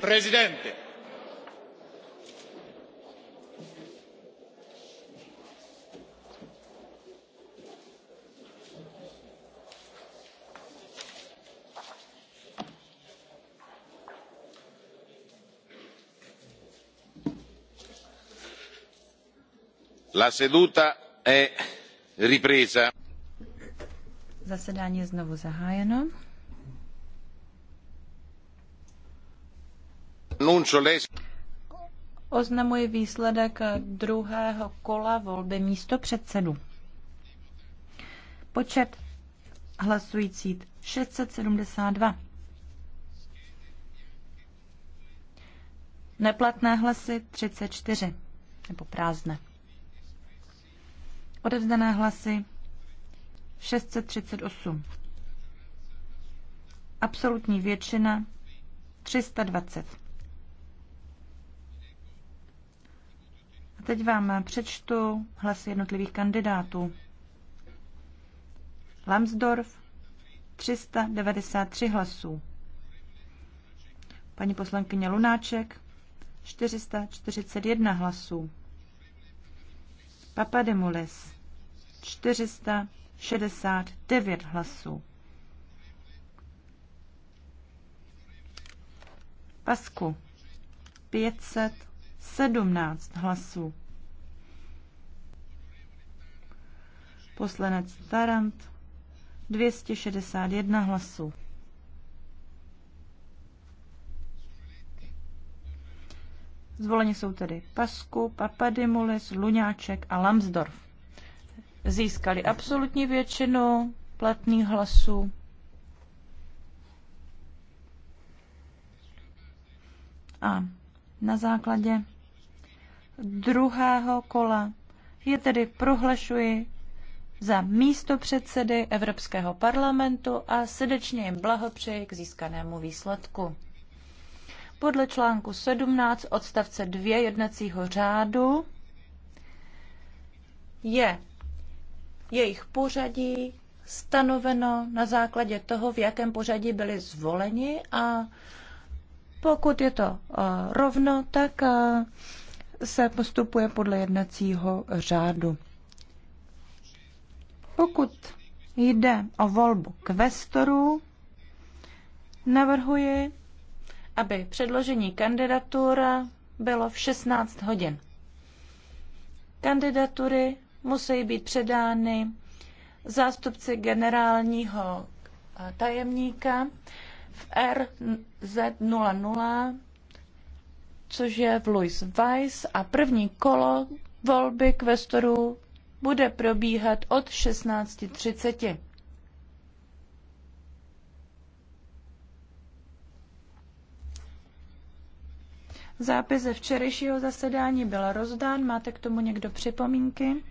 presidente la seduta è ripresa. zasedání je znovu zahájeno. Oznamuji výsledek druhého kola volby místo předsedu. Počet hlasující 672. Neplatné hlasy 34, nebo prázdné. Odevzdané hlasy 638. Absolutní většina 320. Teď vám přečtu hlasy jednotlivých kandidátů. Lambsdorff 393 hlasů. Paní poslankyně Lunáček 441 hlasů. Papademulis 469 hlasů. Pasku 500 17 hlasů. Poslanec Tarant 261 hlasů. Zvoleni jsou tedy Pasku, Papadimulis, Luňáček a Lambsdorff. Získali absolutní většinu platných hlasů. A na základě druhého kola. Je tedy prohlašuji za místo předsedy Evropského parlamentu a srdečně jim blahopřeji k získanému výsledku. Podle článku 17 odstavce 2 jednacího řádu je jejich pořadí stanoveno na základě toho, v jakém pořadí byli zvoleni a pokud je to eh, rovno, tak eh, se postupuje podle jednacího řádu. Pokud jde o volbu kvestorů, navrhuji, aby předložení kandidatur bylo v 16 hodin. Kandidatury musí být předány zástupci generálního eh, tajemníka v RZ00, což je v Louis Weiss a první kolo volby kvestorů bude probíhat od 16.30. Zápis ze včerejšího zasedání byl rozdán. Máte k tomu někdo připomínky?